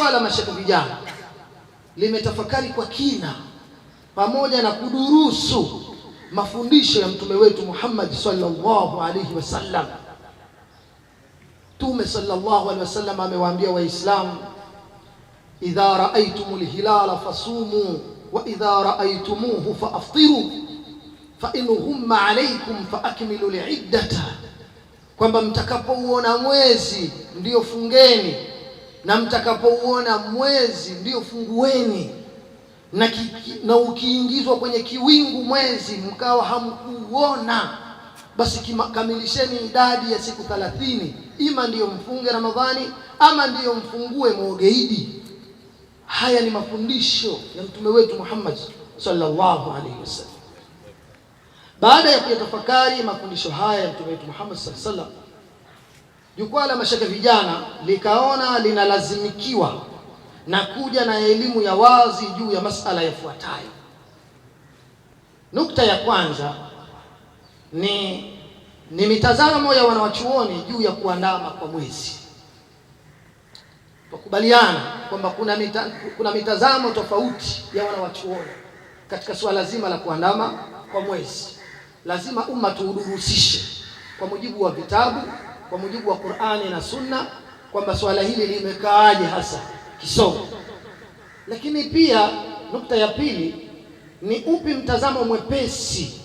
swala mashaka vijana limetafakari kwa kina pamoja na kudurusu mafundisho ya mtume wetu Muhammad sallallahu alaihi wasallam. Mtume sallallahu alaihi wasallam amewaambia Waislamu, idha raaitumul hilala fasumu wa idha raaitumuhu faaftiru fa in humma alaikum faakmilu liiddata, kwamba mtakapouona mwezi ndiyo fungeni na mtakapouona mwezi ndio fungueni na, na ukiingizwa kwenye kiwingu mwezi mkawa hamkuona, basi kamilisheni idadi ya siku thalathini, ima ndiyo mfunge Ramadhani ama ndiyo mfungue mwoge Idi. Haya ni mafundisho ya mtume wetu Muhammad sallallahu alaihi wasallam. Baada ya kuyatafakari mafundisho haya ya mtume wetu Muhammad sallallahu alaihi wasallam Jukwaa la Mashekhe Vijana likaona linalazimikiwa na kuja na elimu ya wazi juu ya masala yafuatayo. Nukta ya kwanza ni, ni mitazamo ya wanawachuoni juu ya kuandama kwa mwezi. Tukubaliana kwamba kuna, mita, kuna mitazamo tofauti ya wanawachuoni katika suala zima la kuandama kwa mwezi. Lazima umma tuudurusishe kwa mujibu wa vitabu kwa mujibu wa Qur'ani na Sunna kwamba swala hili limekaaje hasa kisomo. Lakini pia nukta ya pili ni upi mtazamo mwepesi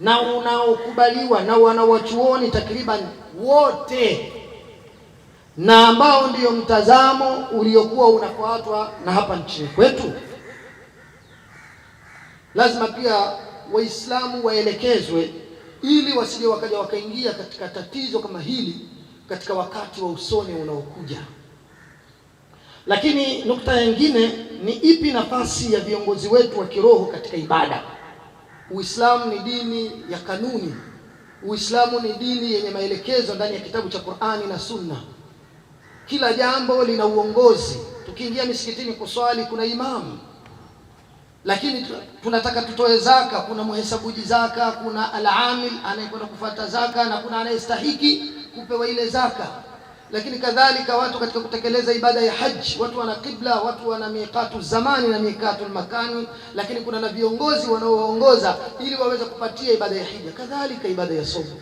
na unaokubaliwa na wanawachuoni takriban wote na ambao ndio mtazamo uliokuwa unafuatwa na hapa nchini kwetu. Lazima pia Waislamu waelekezwe ili wasije wakaja wakaingia katika tatizo kama hili katika wakati wa usoni unaokuja. Lakini nukta nyingine ni ipi nafasi ya viongozi wetu wa kiroho katika ibada? Uislamu ni dini ya kanuni. Uislamu ni dini yenye maelekezo ndani ya kitabu cha Qur'ani na Sunna. Kila jambo lina uongozi. Tukiingia misikitini kuswali, kuna imamu lakini tunataka tutoe zaka. Kuna muhesabuji zaka, kuna alamil anayekwenda kufata zaka, na kuna anayestahiki kupewa ile zaka. Lakini kadhalika watu katika kutekeleza ibada ya haji, watu wana kibla, watu wana miqatu zamani na miqatu makani, lakini kuna na viongozi wanaowaongoza ili waweze kupatia ibada ya hija, kadhalika ibada ya somo.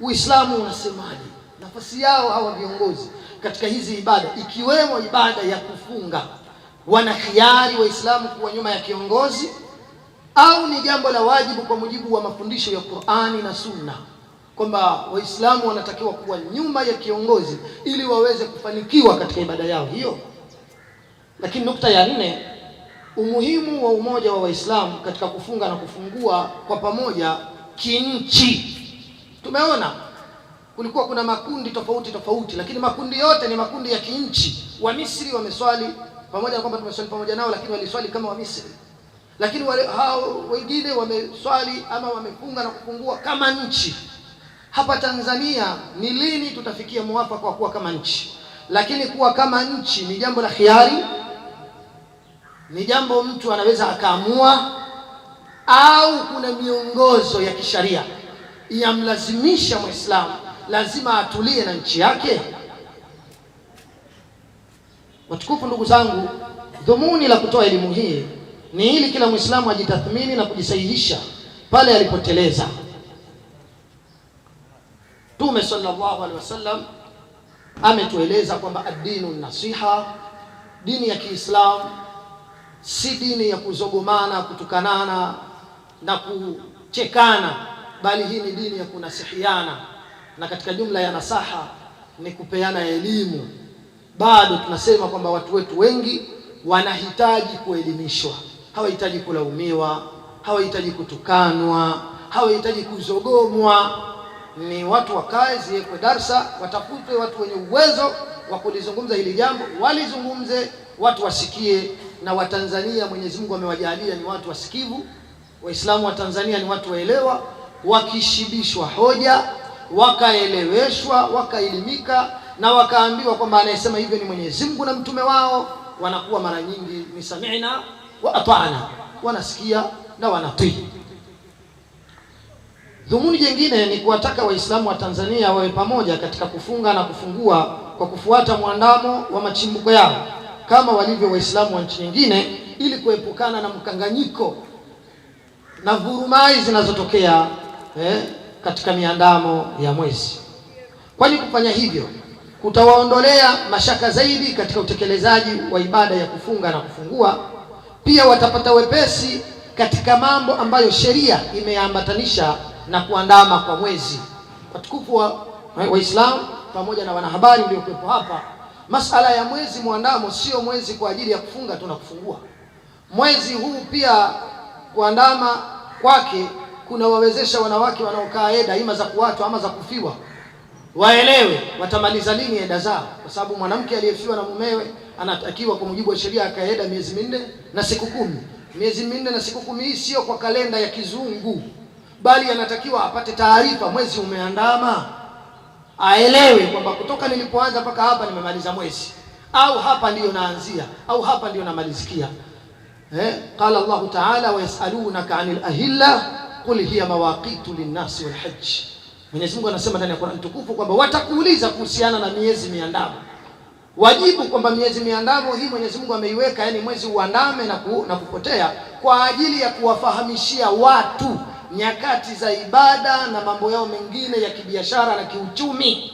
Uislamu unasemaje nafasi yao hawa viongozi katika hizi ibada, ikiwemo ibada ya kufunga wana hiari Waislamu kuwa nyuma ya kiongozi au ni jambo la wajibu kwa mujibu wa mafundisho ya Qur'ani na Sunna kwamba Waislamu wanatakiwa kuwa nyuma ya kiongozi ili waweze kufanikiwa katika ibada yao hiyo. Lakini nukta ya nne, umuhimu wa umoja wa Waislamu katika kufunga na kufungua kwa pamoja kinchi. Tumeona kulikuwa kuna makundi tofauti tofauti, lakini makundi yote ni makundi ya kinchi. Wamisri wameswali pamoja na kwamba tumeswali pamoja nao, lakini waliswali kama Wamisri, lakini wale hao wengine wameswali ama wamefunga na kupungua kama nchi. Hapa Tanzania ni lini tutafikia mwafaka kwa kuwa kama nchi? Lakini kuwa kama nchi ni jambo la khiari, ni jambo mtu anaweza akaamua, au kuna miongozo ya kisharia yamlazimisha Mwislamu lazima atulie na nchi yake. Watukufu ndugu zangu, dhumuni la kutoa elimu hii ni ili kila Mwislamu ajitathmini na kujisahihisha pale alipoteleza. Mtume sallallahu alaihi wasallam ametueleza kwamba addinu nasiha, dini ya Kiislamu si dini ya kuzogomana, kutukanana na kuchekana, bali hii ni dini ya kunasihiana, na katika jumla ya nasaha ni kupeana elimu bado tunasema kwamba watu wetu wengi wanahitaji kuelimishwa, hawahitaji kulaumiwa, hawahitaji kutukanwa, hawahitaji kuzogomwa. Ni watu wakae, ziwekwe darsa, watafutwe watu wenye uwezo wa kulizungumza hili jambo, walizungumze, watu wasikie. Na Watanzania Mwenyezi Mungu amewajalia ni watu wasikivu. Waislamu wa Tanzania ni watu waelewa, wakishibishwa hoja, wakaeleweshwa, wakaelimika na wakaambiwa kwamba anayesema hivyo ni Mwenyezi Mungu na mtume wao, wanakuwa mara nyingi ni sami'na wa ata'na, wanasikia na wanatii. Dhumuni jingine ni kuwataka Waislamu wa Tanzania wawe pamoja katika kufunga na kufungua kwa kufuata mwandamo wa machimbuko yao kama walivyo Waislamu wa nchi nyingine, ili kuepukana na mkanganyiko na vurumai zinazotokea eh, katika miandamo ya mwezi, kwani kufanya hivyo kutawaondolea mashaka zaidi katika utekelezaji wa ibada ya kufunga na kufungua. Pia watapata wepesi katika mambo ambayo sheria imeambatanisha na kuandama kwa mwezi. Watukufu wa Waislamu pamoja na wanahabari mliokuwepo hapa, masala ya mwezi mwandamo sio mwezi kwa ajili ya kufunga tu na kufungua. Mwezi huu pia kuandama kwake kunawawezesha wanawake wanaokaa eda ima za kuachwa ama za kufiwa waelewe watamaliza lini eda zao, kwa sababu mwanamke aliyefiwa na mumewe anatakiwa kwa mujibu wa sheria akaeda miezi minne na siku kumi. Miezi minne na siku kumi hii sio kwa kalenda ya kizungu, bali anatakiwa apate taarifa, mwezi umeandama, aelewe kwamba kutoka nilipoanza mpaka hapa nimemaliza mwezi, au hapa ndiyo naanzia, au hapa ndiyo namalizikia. Eh, qala Allahu taala, wayasalunaka anil ahilla qul hiya mawaqitu linnasi walhaji Mwenyezi Mungu anasema ndani ya Qur'an tukufu kwamba watakuuliza kuhusiana na miezi miandamo, wajibu kwamba miezi miandamo hii Mwenyezi Mungu ameiweka, yani mwezi uandame na, ku, na kupotea kwa ajili ya kuwafahamishia watu nyakati za ibada na mambo yao mengine ya kibiashara na kiuchumi.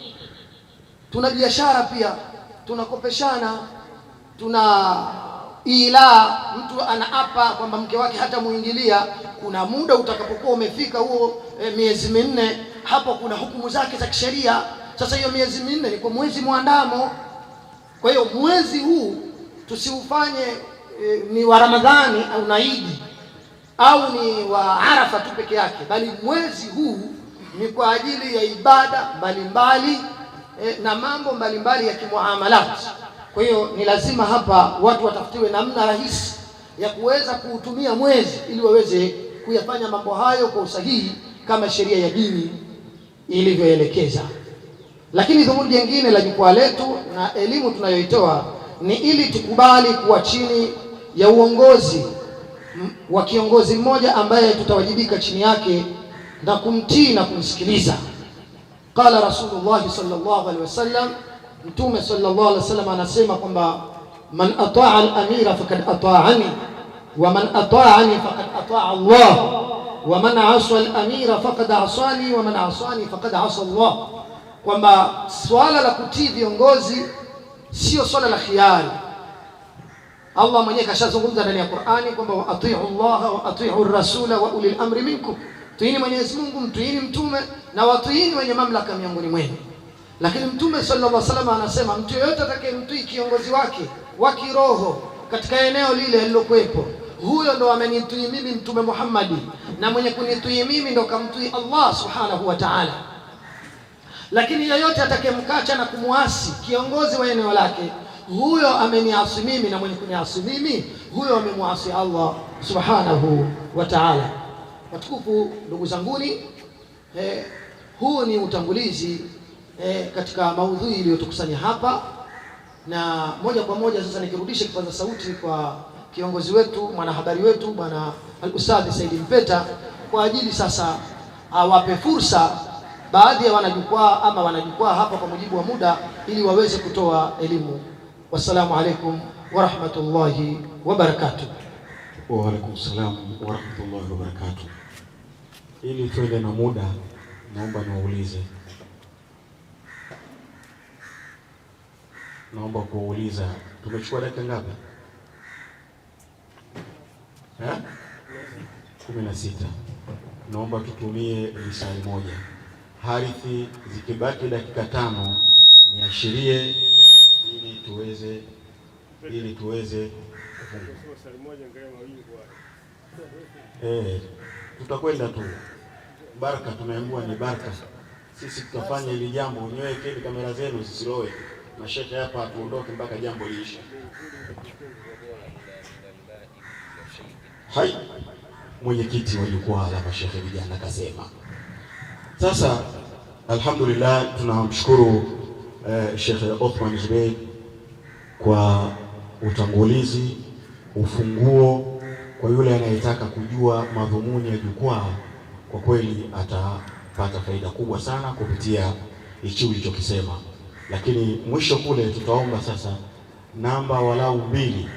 Tuna biashara pia, tunakopeshana, tuna ila mtu anaapa kwamba mke wake hata muingilia. Kuna muda utakapokuwa umefika huo, e, miezi minne hapo kuna hukumu zake za kisheria. Sasa hiyo miezi minne ni kwa mwezi mwandamo. Kwa hiyo mwezi huu tusiufanye e, ni wa Ramadhani au naidi au ni wa Arafa tu peke yake, bali mwezi huu ni kwa ajili ya ibada mbalimbali e, na mambo mbalimbali ya kimuamalat. Kwa hiyo ni lazima hapa watu watafutiwe namna rahisi ya kuweza kuutumia mwezi ili waweze kuyafanya mambo hayo kwa usahihi kama sheria ya dini ilivyoelekeza. Lakini dhumuni jingine la jukwaa letu na elimu tunayoitoa ni ili tukubali kuwa chini ya uongozi wa kiongozi mmoja ambaye tutawajibika chini yake na kumtii na kumsikiliza. Qala Rasulullah sallallahu alaihi wasallam, Mtume sallallahu alaihi wasallam anasema kwamba man ataa al-amira faqad ataani wa man ataani faqad ataa Allah wa man asa al-amira faqad asani wa man asani faqad asa Allah, kwamba swala la kutii viongozi sio swala la khiari. Allah mwenyewe kashazungumza ndani ya Qur'ani kwamba wa atiu llaha wa atiu ar-rasul wa ulil amri minkum, tuini Mwenyezi Mungu, mtuini mtume na watuini wenye mamlaka miongoni mwenu. Lakini Mtume sallallahu alaihi wasallam anasema mtu yeyote atakayemtii kiongozi wake wa kiroho katika eneo lile lililokuwepo, huyo ndo amenitii mimi Mtume Muhammadi na mwenye kunitwii mimi ndo kamtwii Allah subhanahu wa ta'ala. Lakini yeyote atakemkacha na kumwasi kiongozi wa eneo lake, huyo ameniasi mimi, na mwenye kuniasi mimi huyo amemwasi Allah subhanahu wa ta'ala. Watukufu ndugu zanguni, eh, huu ni utangulizi eh, katika maudhui iliyotukusanya hapa, na moja kwa moja sasa nikirudisha kipaza sauti kwa kiongozi wetu mwanahabari wetu bwana Al-Ustadh Said Mpeta kwa ajili sasa awape fursa baadhi ya wanajukwaa ama wanajukwaa hapa kwa mujibu wa muda ili waweze kutoa elimu. Wassalamu alaikum warahmatullahi wabarakatuh. Wa alaikum salam warahmatullahi wabarakatuh. Ili tuende na muda, naomba niwaulize, naomba kuwauliza tumechukua dakika ngapi? kumi na sita. Naomba tutumie risali moja, harithi zikibaki dakika tano niashirie ili tuweze ili tuweze eh, tutakwenda tu baraka, tumeambiwa ni baraka. Sisi tutafanya hili jambo, kile kamera zenu zisilowe. Mashehe hapa hatuondoke mpaka jambo liisha. Hai, mwenyekiti wa jukwaa la mashehe vijana akasema. Sasa alhamdulillah tunamshukuru eh, Shekhe Othman Zubeir kwa utangulizi, ufunguo kwa yule anayetaka kujua madhumuni ya jukwaa, kwa kweli atapata faida kubwa sana kupitia hichi ulichokisema, lakini mwisho kule tutaomba sasa namba walau mbili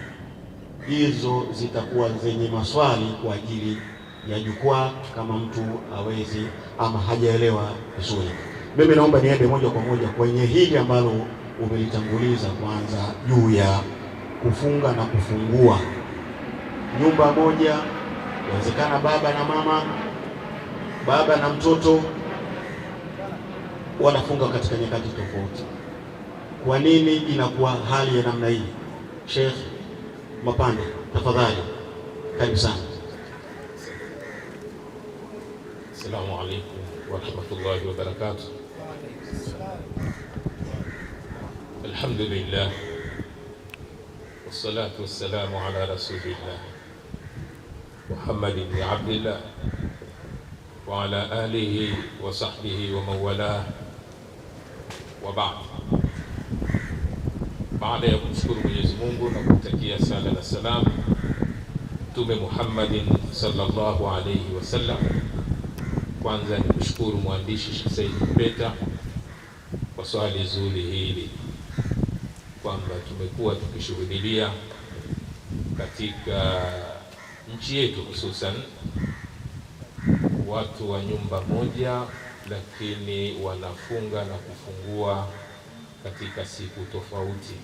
hizo zitakuwa zenye maswali kwa ajili ya jukwaa, kama mtu awezi ama hajaelewa vizuri. Mimi naomba niende moja kwa moja kwenye hili ambalo umelitanguliza kwanza, juu ya kufunga na kufungua nyumba moja, inawezekana baba na mama, baba na mtoto wanafunga katika nyakati tofauti. Kwa nini inakuwa hali ya namna hii, Sheikh? مطانح تفضلي خير سامي السلام عليكم ورحمة الله وبركاته الحمد لله والصلاة والسلام على رسول الله محمد بن عبد الله وعلى آله وصحبه ومن والاه وبعد Baada ya kumshukuru Mwenyezi Mungu na kumtakia sala na salam Mtume Muhammadin sallallahu alayhi wasallam, kwanza ni kushukuru mwandishi Sheikh Said Peter kwa swali zuri hili kwamba tumekuwa tukishuhudia katika nchi yetu hususan watu wa nyumba moja, lakini wanafunga na kufungua katika siku tofauti.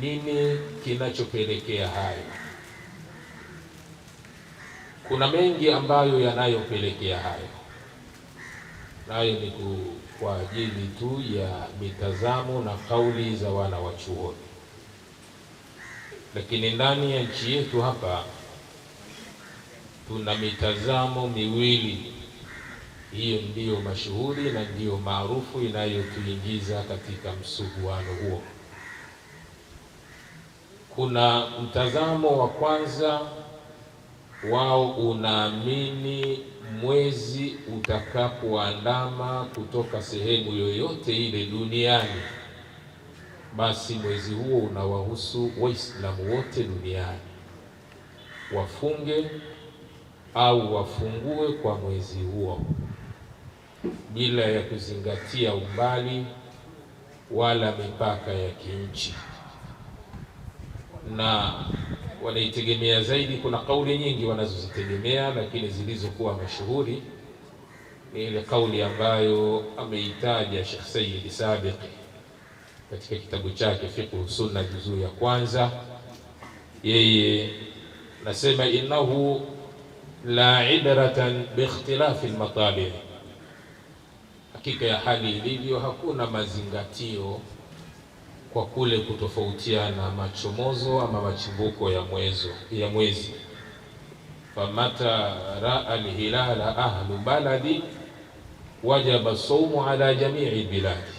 Nini kinachopelekea hayo? Kuna mengi ambayo yanayopelekea hayo, nayo ni kwa ajili tu ya mitazamo na kauli za wana wa chuoni, lakini ndani ya nchi yetu hapa tuna mitazamo miwili hiyo ndiyo mashuhuri na ndiyo maarufu inayotuingiza katika msuguano huo. Kuna mtazamo wa kwanza, wao unaamini mwezi utakapoandama kutoka sehemu yoyote ile duniani, basi mwezi huo unawahusu Waislamu wote duniani wafunge au wafungue kwa mwezi huo bila ya kuzingatia umbali wala mipaka ya kinchi, na wanaitegemea zaidi. Kuna kauli nyingi wanazozitegemea, lakini zilizokuwa mashuhuri ni ile kauli ambayo ameitaja Sheikh Sayyid Sabiq katika kitabu chake Fiqh Sunna juzuu ya kwanza. Yeye nasema innahu la ibratan biikhtilafi lmatalib Hakika ya hali ilivyo, hakuna mazingatio kwa kule kutofautiana machomozo ama machimbuko ya mwezo, ya mwezi. Famata raa lhilala ahlu baladi wajaba saumu ala jamii biladi,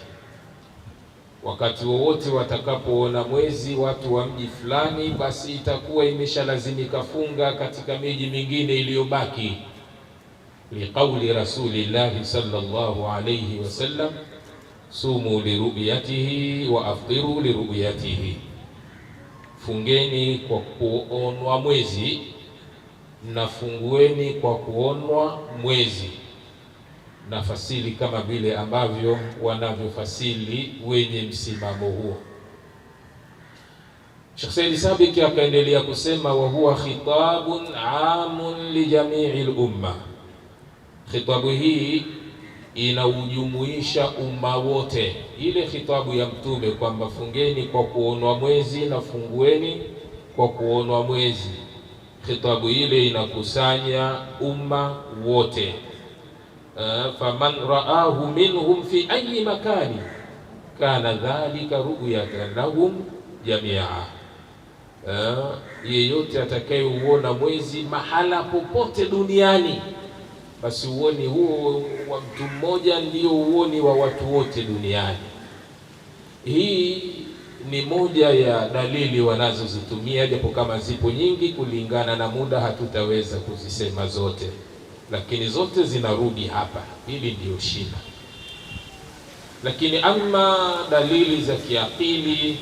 wakati wowote watakapoona mwezi watu wa mji fulani, basi itakuwa imeshalazimika funga katika miji mingine iliyobaki. رسول الله صلى الله عليه sumu صوموا wa وافطروا liruyatihi, fungeni kwa kuonwa mwezi na fungueni kwa kuonwa mwezi. Na fasili kama vile ambavyo wanavyofasili wenye msimamo huo. Sheikh Said Sabiki akaendelea kusema, wa huwa khitabun amun li al umma Khitabu hii inaujumuisha umma wote. Ile khitabu ya Mtume kwamba fungeni kwa kuonwa mwezi na fungueni kwa kuonwa mwezi, khitabu ile inakusanya umma wote. Eh, faman raahu minhum fi ayi makani kana dhalika ruyatan lahum jamia, eh, yeyote atakayeuona mwezi mahala popote duniani basi uoni huo wa mtu mmoja ndio uoni wa watu wote duniani. Hii ni moja ya dalili wanazozitumia, japo kama zipo nyingi, kulingana na muda hatutaweza kuzisema zote, lakini zote zinarudi hapa, hili ndio shida. Lakini ama dalili za kiakili,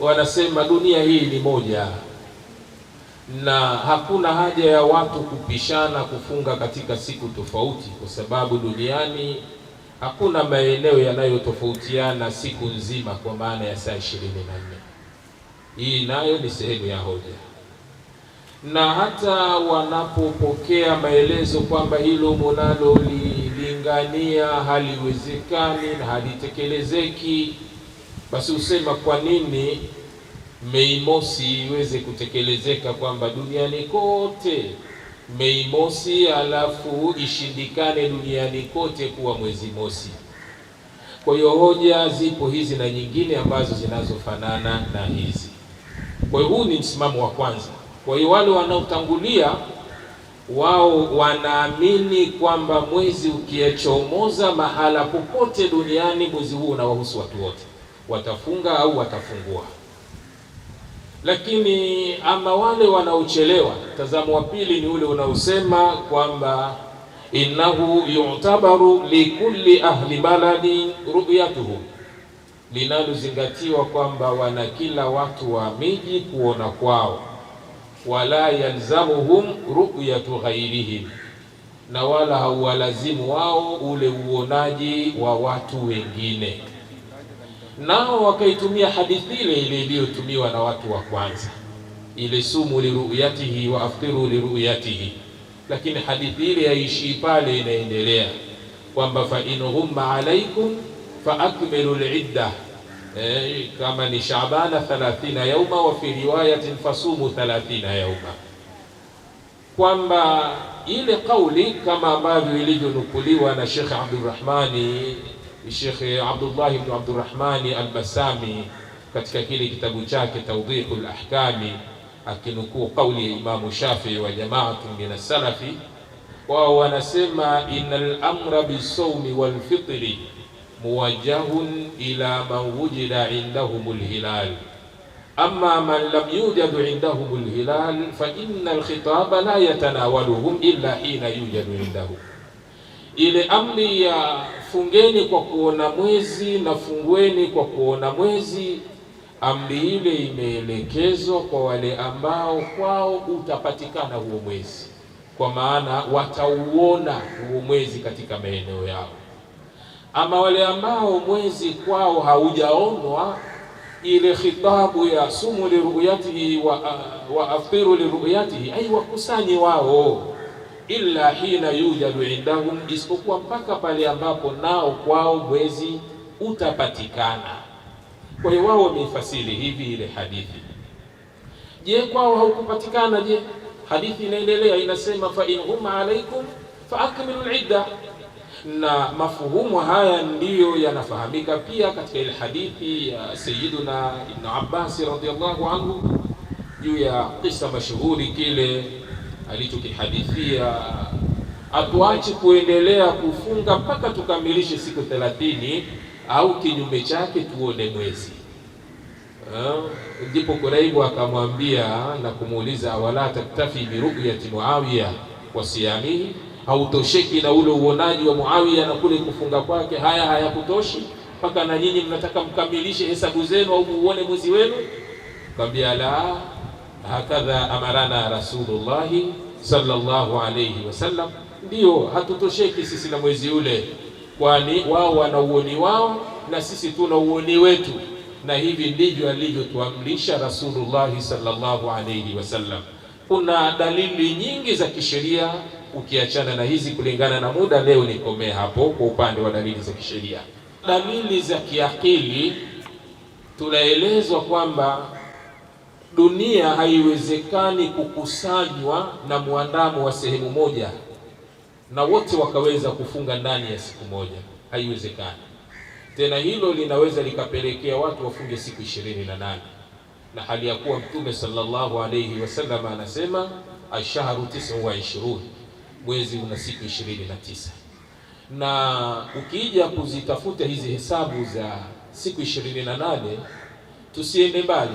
wanasema dunia hii ni moja na hakuna haja ya watu kupishana kufunga katika siku tofauti, kwa sababu duniani hakuna maeneo yanayotofautiana siku nzima kwa maana ya saa ishirini na nne. Hii nayo ni sehemu ya hoja, na hata wanapopokea maelezo kwamba hilo munalolilingania haliwezekani na halitekelezeki, basi husema kwa nini Mei Mosi iweze kutekelezeka kwamba duniani kote Mei Mosi, alafu ishindikane duniani kote kuwa mwezi mosi. Kwa hiyo hoja zipo hizi na nyingine ambazo zinazofanana na hizi. Kwa hiyo huu ni msimamo wa kwanza. Kwa hiyo wale wanaotangulia wao wanaamini kwamba mwezi ukiechomoza mahala popote duniani, mwezi huu unawahusu watu wote, watafunga au watafungua. Lakini ama wale wanaochelewa, mtazamo wa pili ni ule unaosema kwamba innahu yu'tabaru likulli ahli baladi ru'yatuhu, linalozingatiwa kwamba wana kila watu wa miji kuona kwao, wala yalzamuhum ru'yatu ghairihim, na wala hauwalazimu wao ule uonaji wa watu wengine nao wakaitumia hadithi ile ile iliyotumiwa na watu wa kwanza, ile sumu liruyatihi wa aftiru liruyatihi, lakini hadithi ile yaishii pale, inaendelea kwamba fa in ghumma alaikum fa akmilu lidda eh, kama ni Shaabana 30 yauma, wa fi riwayatin fasumu 30 yauma, kwamba ile kauli kama ambavyo ilivyonukuliwa na Sheikh Abdurrahmani Shekhe Abdullah ibn Abdurrahmani Albasami katika kile kitabu chake Tawdihu Lahkami akinukuu kauli ya Imamu Shafii wa jamaatu min assalafi, wao wanasema ina lamra bisaumi walfitri muwajahun ila man wujida indahum lhilal amma man lam yujadu indahum lhilal fa ina alkhitaba la yatanawaluhum illa hina yujadu indahum ile amri ya fungeni kwa kuona mwezi na fungueni kwa kuona mwezi, amri ile imeelekezwa kwa wale ambao kwao utapatikana huo mwezi, kwa maana watauona huo mwezi katika maeneo yao. Ama wale ambao mwezi kwao haujaonwa, ile khitabu ya sumu liruyatihi wa, wa afiru liruyatihi, ai wakusanyi wao illa hina yujadu indahum, isipokuwa mpaka pale ambapo nao kwao mwezi utapatikana. Kwa hiyo wao wameifasiri hivi ile hadithi. Je, kwao haukupatikana? Je, hadithi inaendelea inasema, fa in hum alaikum fa akmilu idda. Na mafuhumu haya ndiyo yanafahamika pia katika ile hadithi ya Sayyiduna Ibn Abbas radhiyallahu anhu juu ya kisa mashuhuri kile alichokihadithia atuache kuendelea kufunga mpaka tukamilishe siku thelathini au kinyume chake tuone mwezi. Eh, ndipo Kuraibu akamwambia na kumuuliza, wala taktafi biruyati Muawiya wa siyamihi, hautosheki na ule uonaji wa Muawiya na kule kufunga kwake, haya hayakutoshi mpaka na nyinyi mnataka mkamilishe hesabu zenu au muone mwezi wenu? Akamwambia la hakadha amarana rasulullahi sallallahu alayhi wasallam. ndio hatutosheki sisi na mwezi ule, kwani wao wana uoni wao na sisi tuna uoni wetu, na hivi ndivyo alivyotuamrisha Rasulullahi sallallahu alayhi wasallam. Kuna dalili nyingi za kisheria ukiachana na hizi, kulingana na muda, leo nikomee hapo kwa upande wa dalili za kisheria. Dalili za kiakili tunaelezwa kwamba dunia haiwezekani kukusanywa na mwandamo wa sehemu moja na wote wakaweza kufunga ndani ya siku moja, haiwezekani. Tena hilo linaweza likapelekea watu wafunge siku ishirini na nane na hali ya kuwa Mtume sallallahu alayhi wasallam anasema ashharu tisa wa ishrun, mwezi una siku ishirini na tisa. Na ukija kuzitafuta hizi hesabu za siku ishirini na nane, tusiende mbali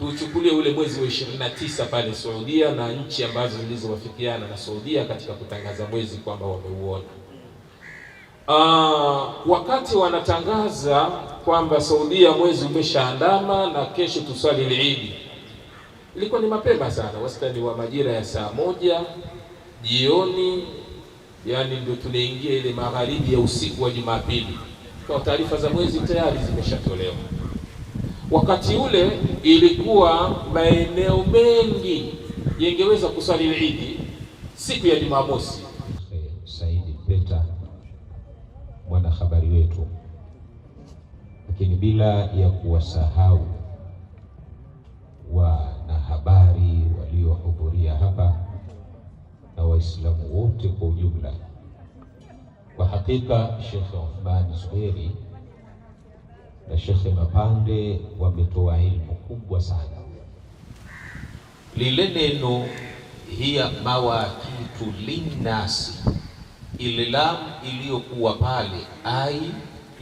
tuchukulie ule mwezi wa 29 pale Saudia na nchi ambazo zilizowafikiana na Saudia katika kutangaza mwezi kwamba wameuona. Uh, wakati wanatangaza kwamba Saudia mwezi umeshaandama na kesho tuswali Eid, ilikuwa ni mapema sana, wastani wa majira ya saa moja jioni, yani ndio tunaingia ile magharibi ya usiku wa Jumapili, kwa taarifa za mwezi tayari zimeshatolewa. Wakati ule ilikuwa maeneo mengi yengeweza kusali Eid siku ya Jumamosi. Saidi Peta, mwanahabari wetu, lakini bila ya kuwasahau wanahabari waliohudhuria hapa na Waislamu wote kwa ujumla. Kwa hakika Sheikh uthman Zuberi na Shekhe Mapande wametoa elimu kubwa sana. Lile neno hiya mawakitu linnasi, ile lam iliyokuwa pale ai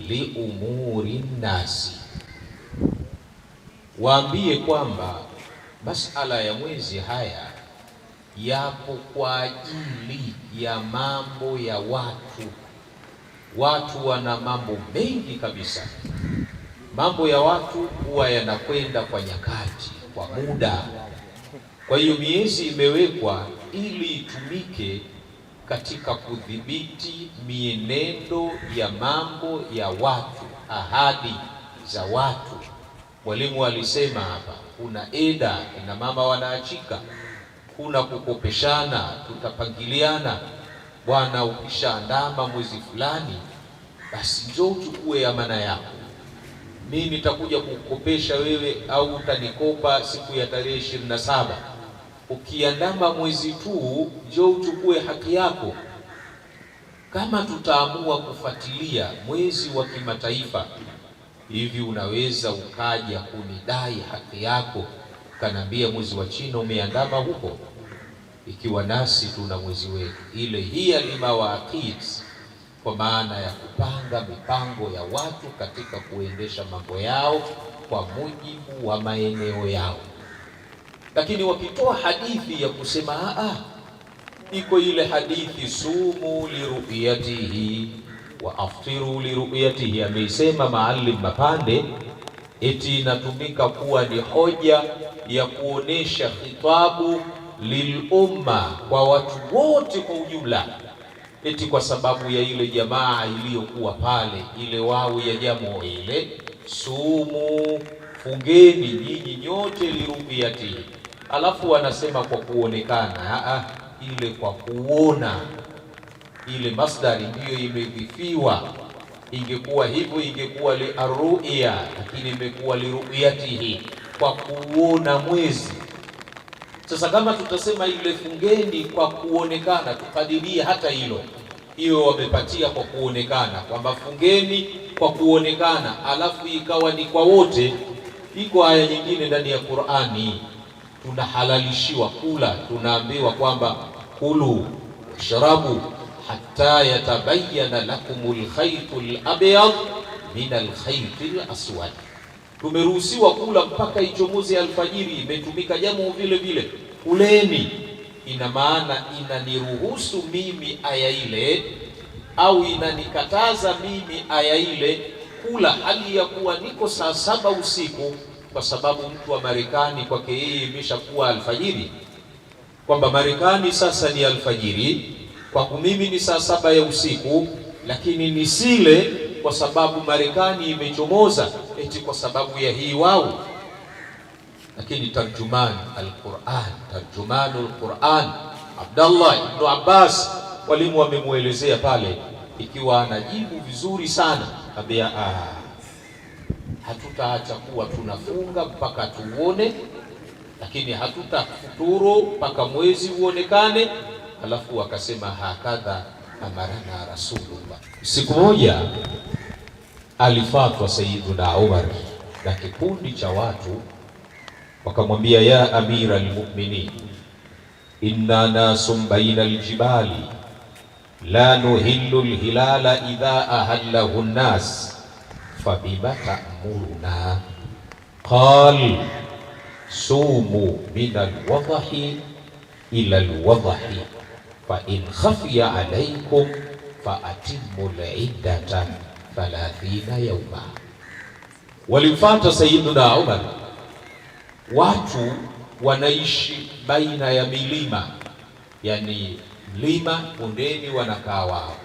liumuri nnasi, waambie kwamba masala ya mwezi haya yapo kwa ajili ya mambo ya watu. Watu wana mambo mengi kabisa. Mambo ya watu huwa yanakwenda kwa nyakati, kwa muda. Kwa hiyo miezi imewekwa ili itumike katika kudhibiti mienendo ya mambo ya watu, ahadi za watu. Mwalimu alisema hapa kuna eda, kina mama wanaachika, kuna kukopeshana, tutapangiliana. Bwana, ukishaandama mwezi fulani, basi njoo uchukue amana yako mimi nitakuja kukopesha wewe au utanikopa siku ya tarehe ishirini na saba ukiandama mwezi tu, njoo uchukue haki yako. Kama tutaamua kufuatilia mwezi wa kimataifa hivi, unaweza ukaja kunidai haki yako, kanaambia mwezi wa China umeandama huko, ikiwa nasi tuna mwezi wetu, ile hiya limawaqit kwa maana ya kupanga mipango ya watu katika kuendesha mambo yao kwa mujibu wa maeneo yao. Lakini wakitoa hadithi ya kusema aa, iko ile hadithi sumu liruyatihi wa aftiru liruyatihi, ameisema Maalim Mapande, eti inatumika kuwa ni hoja ya kuonesha khitabu lilumma kwa watu wote kwa ujumla eti kwa sababu ya ile jamaa iliyokuwa pale, ile wau ya jamo ile sumu, fungeni nyinyi nyote lirubiati. Alafu wanasema kwa kuonekana. Aa, ile kwa kuona, ile masdari ndiyo imedhifiwa. Ingekuwa hivyo ingekuwa li arruya, lakini imekuwa liruyatihi, kwa kuona mwezi. Sasa kama tutasema ile fungeni kwa kuonekana, tukadiria hata hilo hiyo wamepatia kwa kuonekana, kwamba fungeni kwa kuonekana, alafu ikawa ni kwa wote. Iko aya nyingine ndani ya Qur'ani tunahalalishiwa kula, tunaambiwa kwamba kulu washrabu hatta yatabayyana lakumul khaytul abyad min khaytil aswad. Tumeruhusiwa kula mpaka ichomoze alfajiri, imetumika jamu vile vile, kuleni ina maana inaniruhusu mimi aya ile au inanikataza mimi aya ile kula, hali ya kuwa niko saa saba usiku, kwa sababu mtu wa Marekani kwake yeye imeshakuwa alfajiri, kwamba Marekani sasa ni alfajiri, kwangu mimi ni saa saba ya usiku, lakini nisile kwa sababu Marekani imechomoza, eti kwa sababu ya hii wao lakini tarjuman alquran, tarjuman alquran Abdallah ibnu Abbas, walimu wamemwelezea pale, ikiwa anajibu vizuri sana kaambia, ah, hatutaacha kuwa tunafunga mpaka tuone, lakini hatutafuturu mpaka mwezi uonekane. Alafu akasema hakadha amarana Rasulullah. Siku moja alifatwa Sayyiduna Umar na kikundi cha watu wakamwambia ya amira almu'minin, inna nasum baina aljibali la nuhillu alhilala idha ahallahu nnas fabima ta'muruna qal sumu min alwadhi ila alwadhi fa in khafiya alaykum fa atimmu liddata thalathina yawma. Walimfuata Sayyiduna Umar watu wanaishi baina ya milima, yani mlima bondeni, wanakaa wao.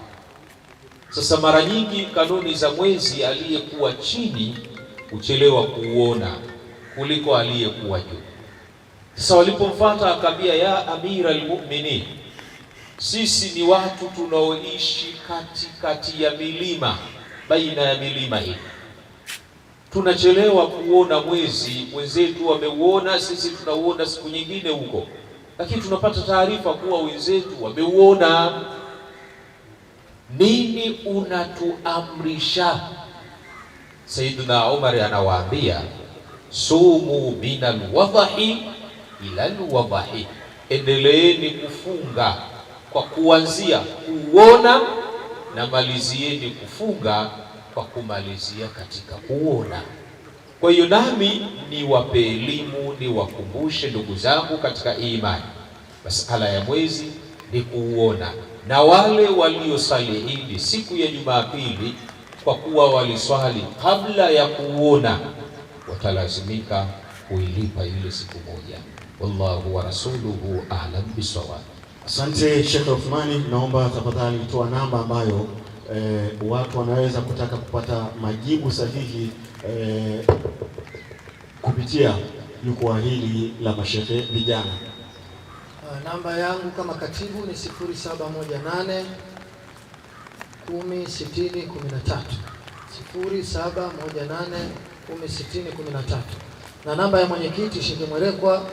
Sasa mara nyingi kanuni za mwezi, aliyekuwa chini huchelewa kuuona kuliko aliyekuwa juu. Sasa walipomfuata akaambia, ya amira almu'minin, sisi ni watu tunaoishi katikati ya milima, baina ya milima hii tunachelewa kuona mwezi, wenzetu wameuona, sisi tunauona siku nyingine huko, lakini tunapata taarifa kuwa wenzetu wameuona. Nini unatuamrisha? Saidina Umar anawaambia sumu bina wadhahi ila wadhahi, endeleeni kufunga kwa kuanzia kuona na malizieni kufunga kwa kumalizia katika kuona. Kwa hiyo nami ni niwape elimu, wakumbushe ndugu zangu katika imani, masala ya mwezi ni kuuona, na wale waliosali Idi siku ya Jumapili kwa kuwa waliswali kabla ya kuuona watalazimika kuilipa ile siku moja. Wallahu wa rasuluhu a'lam bisawab. Asante Sheikh Uthmani, naomba tafadhali toa namba ambayo eh, watu wanaweza kutaka kupata majibu sahihi eh, kupitia jukwaa hili la mashehe vijana. Ah, namba yangu kama katibu ni 0718 10 0718 na namba ya mwenyekiti Sheikh Mwerekwa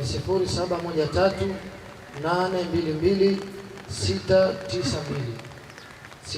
ni 0713 822 692. 0713822692.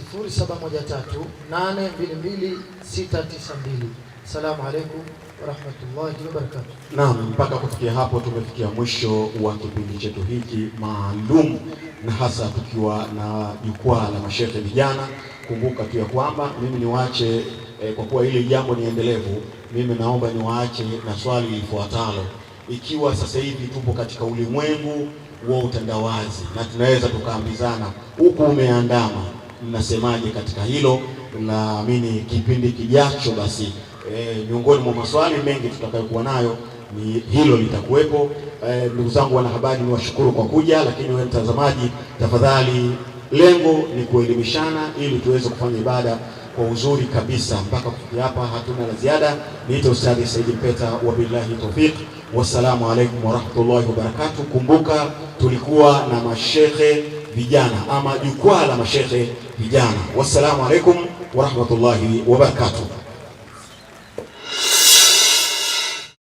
Naam, mpaka kufikia hapo tumefikia mwisho wa kipindi chetu hiki maalum, na hasa tukiwa na jukwaa la mashehe vijana. Kumbuka tu ya kwamba mimi niwaache eh, kwa kuwa hili jambo ni endelevu, mimi naomba niwaache na swali lifuatalo. Ikiwa sasa hivi tupo katika ulimwengu wa utandawazi na tunaweza tukaambizana, huku umeandama mnasemaje katika hilo? Naamini kipindi kijacho basi e, miongoni mwa maswali mengi tutakayokuwa nayo ni hilo litakuwepo. E, ndugu zangu wanahabari, ni washukuru kwa kuja, lakini wewe mtazamaji, tafadhali, lengo ni kuelimishana ili tuweze kufanya ibada kwa uzuri kabisa. Mpaka kufikia hapa hatuna la ziada. Niite Ustadhi Saidi Mpeta, wabillahi tawfiq, wassalamu alaikum warahmatullahi wabarakatuh. Kumbuka tulikuwa na mashehe vijana ama jukwaa la mashehe vijana. Wassalamu alaikum warahmatullahi wabarakatuh.